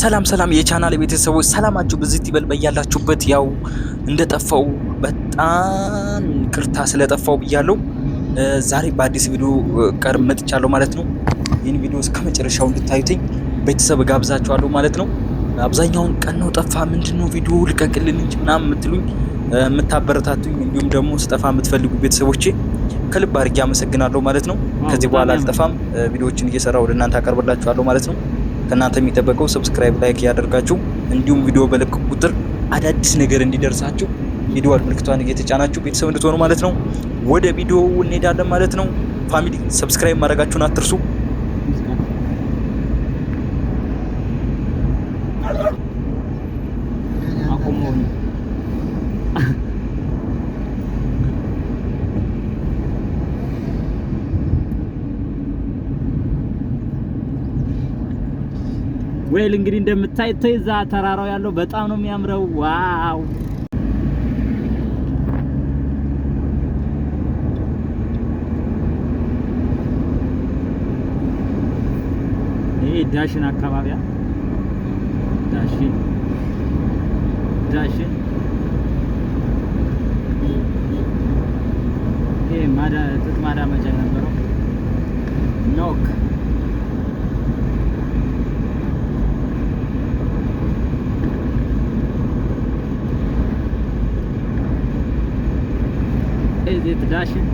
ሰላም ሰላም የቻናል ቤተሰቦች ሰላማችሁ ብዝት ይበል በያላችሁበት። ያው እንደጠፋው በጣም ቅርታ ስለጠፋው ብያለሁ። ዛሬ በአዲስ ቪዲዮ ቀር መጥቻለሁ ማለት ነው። ይህን ቪዲዮ እስከ መጨረሻው እንድታዩትኝ ቤተሰብ ጋብዛችኋለሁ ማለት ነው። አብዛኛውን ቀን ነው ጠፋ፣ ምንድነው ቪዲዮ ልቀቅልን እንጂ ምናምን የምትሉኝ የምታበረታቱኝ፣ እንዲሁም ደግሞ ስጠፋ የምትፈልጉ ቤተሰቦቼ ከልብ አድርጌ አመሰግናለሁ ማለት ነው። ከዚህ በኋላ አልጠፋም፣ ቪዲዮዎችን እየሰራ ወደ እናንተ አቀርብላችኋለሁ ማለት ነው። ከእናንተ የሚጠበቀው ሰብስክራይብ፣ ላይክ ያደርጋችሁ እንዲሁም ቪዲዮ በለቅ ቁጥር አዳዲስ ነገር እንዲደርሳችሁ ቪዲዮ ምልክቷን እየተጫናችሁ ቤተሰብ እንድትሆኑ ማለት ነው። ወደ ቪዲዮው እንሄዳለን ማለት ነው። ፋሚሊ ሰብስክራይብ ማድረጋችሁን አትርሱ። ዌል እንግዲህ እንደምታዩት እዛ ተራራው ያለው በጣም ነው የሚያምረው። ዋው ይሄ ዳሽን አካባቢያ ዳሽን ዳሽን ይሄ ማዳ ጥጥ ማዳመጫ የነበረው ኖክ Dasię.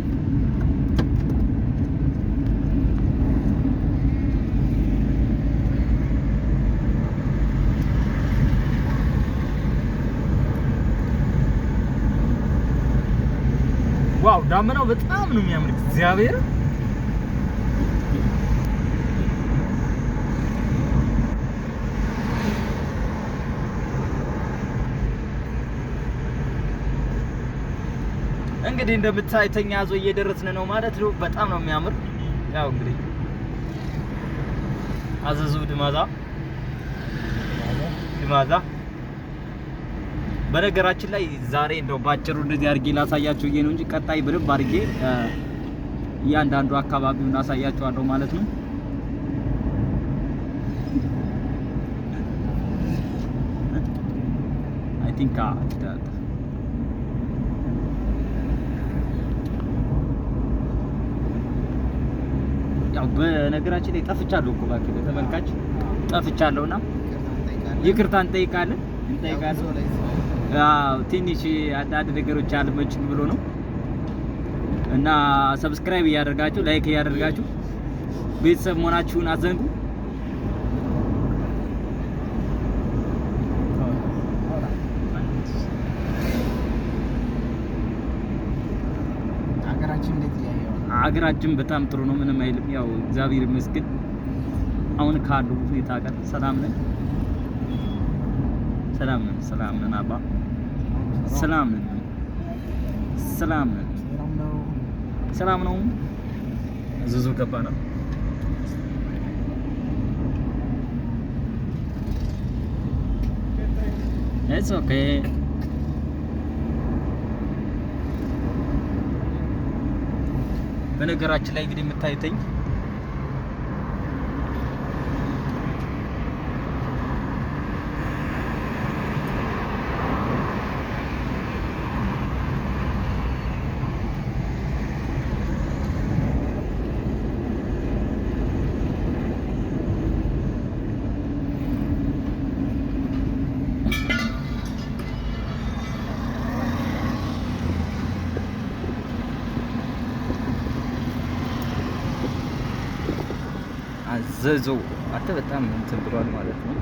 ዳመናው በጣም ነው የሚያምር። እግዚአብሔር እንግዲህ እንደምታይ ተኛ ዞ እየደረስን ነው ማለት ነው። በጣም ነው የሚያምር። ያው እንግዲህ አዘዙ ድማዛ ድማዛ በነገራችን ላይ ዛሬ እንደው ባጭሩ እንደዚህ አድርጌ ላሳያችሁ ነው እንጂ ቀጣይ ብልብ አድርጌ እያንዳንዱ አካባቢውን አሳያችኋለሁ ማለት ነው። አይ ቲንክ ያው በነገራችን ላይ ጠፍቻለሁ እኮ እባክህ ለተመልካች ጠፍቻለሁና ይቅርታ እንጠይቃለን እንጠይቃለን። ትንሽ አንዳንድ ነገሮች አልመችም ብሎ ነው እና ሰብስክራይብ እያደርጋችሁ ላይክ እያደረጋችሁ ቤተሰብ መሆናችሁን አዘንጉ። ሀገራችን በጣም ጥሩ ነው፣ ምንም አይልም። ያው እግዚአብሔር ይመስገን አሁን ካሉ ሁኔታ ጋር ሰላም ነን፣ ሰላም ነን፣ ሰላም ነን አባ ሰላም ሰላም ሰላም ነው። ዙዙ ገባ ነው። ኢትስ ኦኬ በነገራችን ላይ እንግዲህ የምታይተኝ አዘዘው አተ በጣም እንትን ብሏል ማለት ነው።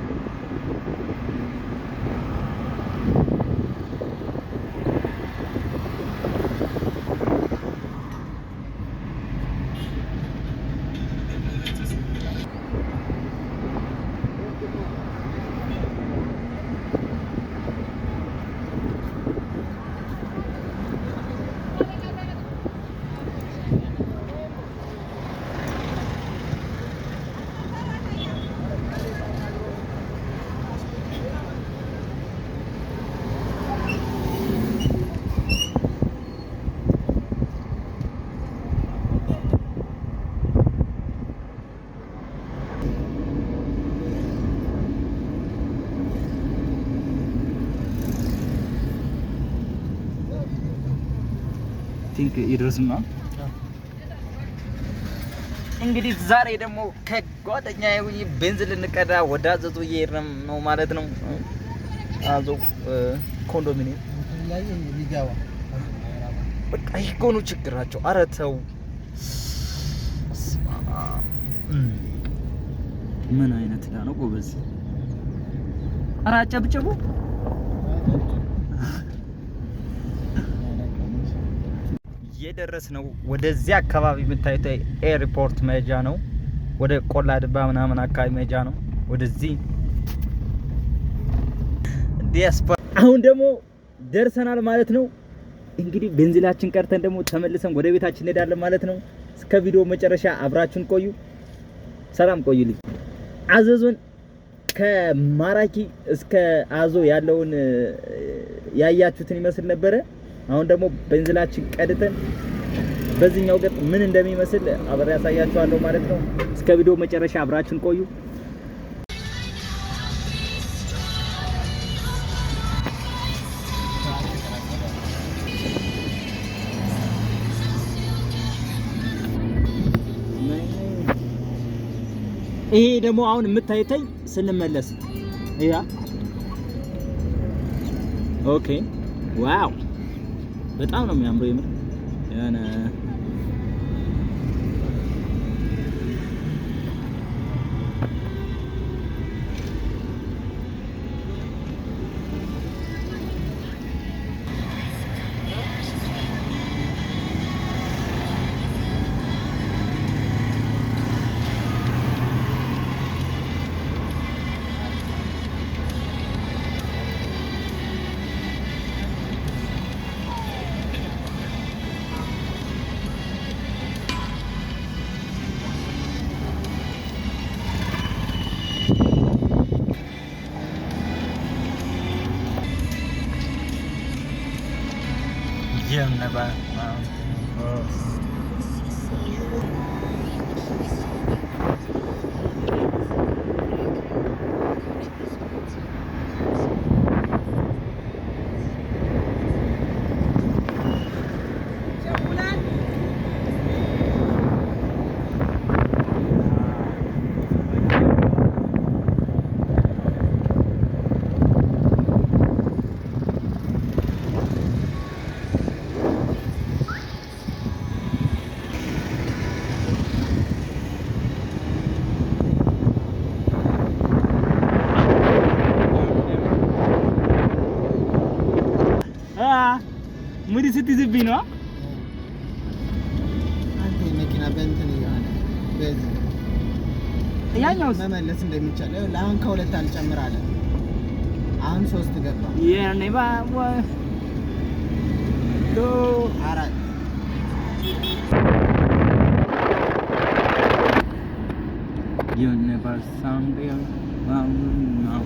ቲንክ ይደርስና እንግዲህ ዛሬ ደግሞ ከጓደኛ ይሁኝ ቤንዝ ልንቀዳ ወደ አዘዞ እየሄድን ነው ማለት ነው። አዞ ኮንዶሚኒየም በቃ ይህ እኮ ችግራቸው። አረተው። ምን አይነት ዕዳ ነው ጎበዝ? ኧረ አጨብጭቡ። የደረስ ወደዚህ አካባቢ የምታዩት ኤርፖርት መሄጃ ነው። ወደ ቆላ ድባ ምናምን አካባቢ መሄጃ ነው። ወደዚህ ዲያስፖራ አሁን ደግሞ ደርሰናል ማለት ነው። እንግዲህ ቤንዚላችን ቀርተን ደግሞ ተመልሰን ወደ ቤታችን እንሄዳለን ማለት ነው። እስከ ቪዲዮ መጨረሻ አብራችሁን ቆዩ። ሰላም ቆዩልኝ። አዘዞን ከማራኪ እስከ አዞ ያለውን ያያችሁትን ይመስል ነበረ። አሁን ደግሞ በእንዝላችን ቀድተን በዚህኛው ገጥ ምን እንደሚመስል አብሬ ያሳያችኋለሁ ማለት ነው። እስከ ቪዲዮ መጨረሻ አብራችን ቆዩ። ይሄ ደግሞ አሁን የምታይተኝ ስንመለስ ያ ኦኬ ዋው በጣም ነው የሚያምረው የምር never ሙዲ ስትይዝብኝ ነው። አንተ መመለስ እንደሚቻል አሁን ከሁለት አልጨምራለሁ። አሁን ሶስት ገባ። ዩኒቨርስ ሳምሪያ ማሙን ነው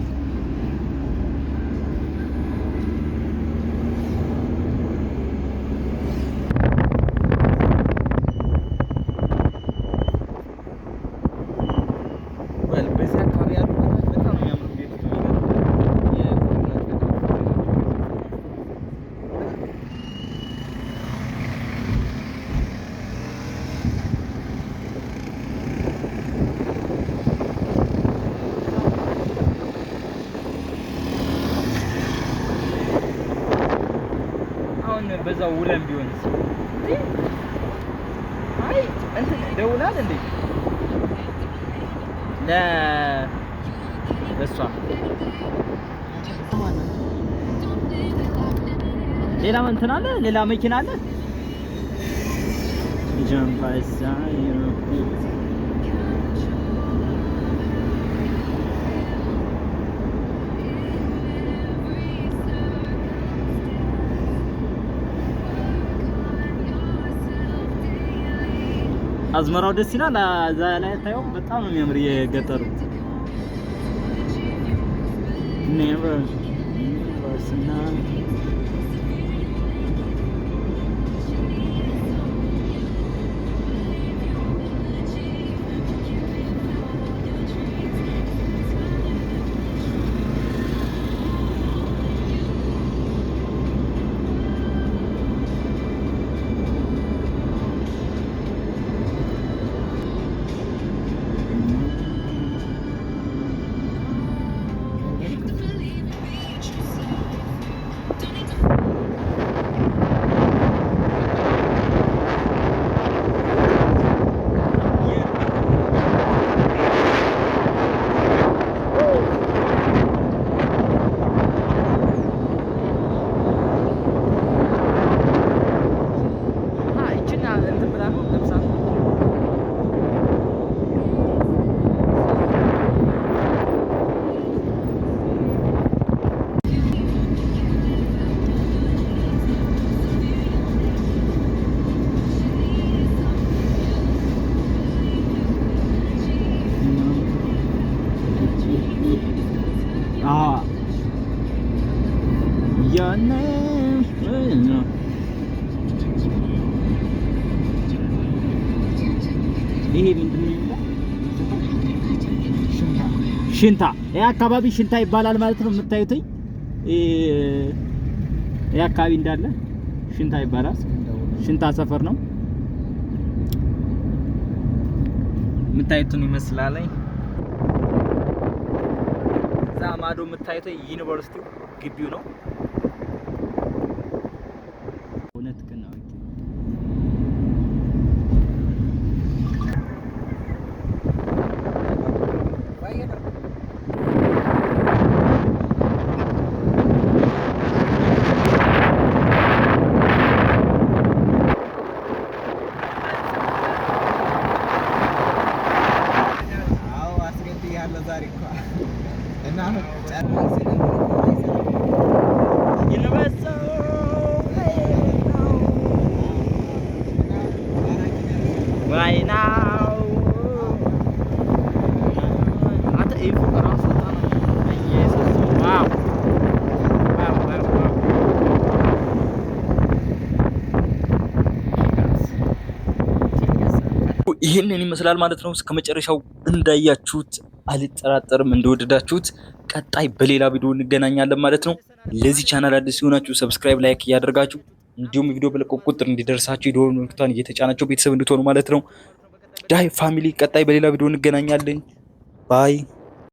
በዛው ውለን ቢሆን አይ እንትን ደውላል እንዴ ለ እሷ ሌላ እንትን አለ፣ ሌላ መኪና አለ። ጀምባይ አዝመራው ደስ ይላል። እዛ ላይ ታየው በጣም ነው የሚያምር የገጠሩ ኔቨር А я не. ሽንታ ይህ አካባቢ ሽንታ ይባላል ማለት ነው። የምታዩት ይህ አካባቢ እንዳለ ሽንታ ይባላል። ሽንታ ሰፈር ነው። የምታዩትን ይመስላል? እዛ ማዶ የምታዩት ዩኒቨርሲቲው ግቢው ነው። ይህንን ይመስላል ማለት ነው። እስከ መጨረሻው እንዳያችሁት አልጠራጠርም እንደወደዳችሁት። ቀጣይ በሌላ ቪዲዮ እንገናኛለን ማለት ነው። ለዚህ ቻናል አዲስ ሲሆናችሁ ሰብስክራይብ፣ ላይክ እያደርጋችሁ እንዲሁም ቪዲዮ በለቀ ቁጥር እንዲደርሳችሁ የደወል ምልክቷን እየተጫናቸው ቤተሰብ እንድትሆኑ ማለት ነው። ዳይ ፋሚሊ፣ ቀጣይ በሌላ ቪዲዮ እንገናኛለን። ባይ